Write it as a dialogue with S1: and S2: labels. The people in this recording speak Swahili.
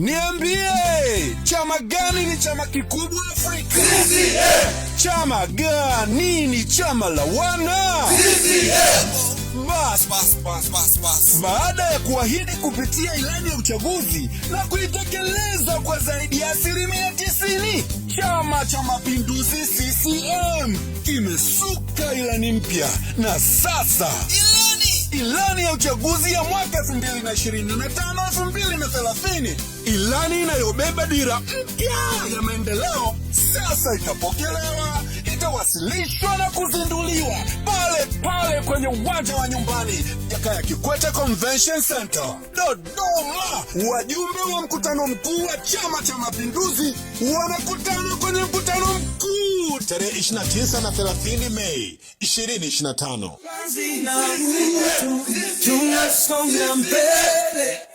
S1: Niambie, chama gani ni chama kikubwa Afrika?
S2: CCM.
S1: Chama gani ni chama la wana?
S2: CCM.
S1: Bas, bas, bas, bas, bas. Baada ya kuahidi kupitia ilani ya uchaguzi na kuitekeleza kwa zaidi ya asilimia tisini, Chama cha Mapinduzi CCM kimesuka ilani mpya na sasa
S2: ilani,
S1: ilani ya uchaguzi ya mwaka 2025 2030 Ilani inayobeba dira mpya ya maendeleo sasa itapokelewa, itawasilishwa na kuzinduliwa pale pale kwenye uwanja wa nyumbani Jakaya Kikwete Convention Center, Dodoma. Wajumbe wa mkutano mkuu wa Chama cha Mapinduzi wanakutana kwenye mkutano mkuu tarehe 29 na 30 Mei 2025.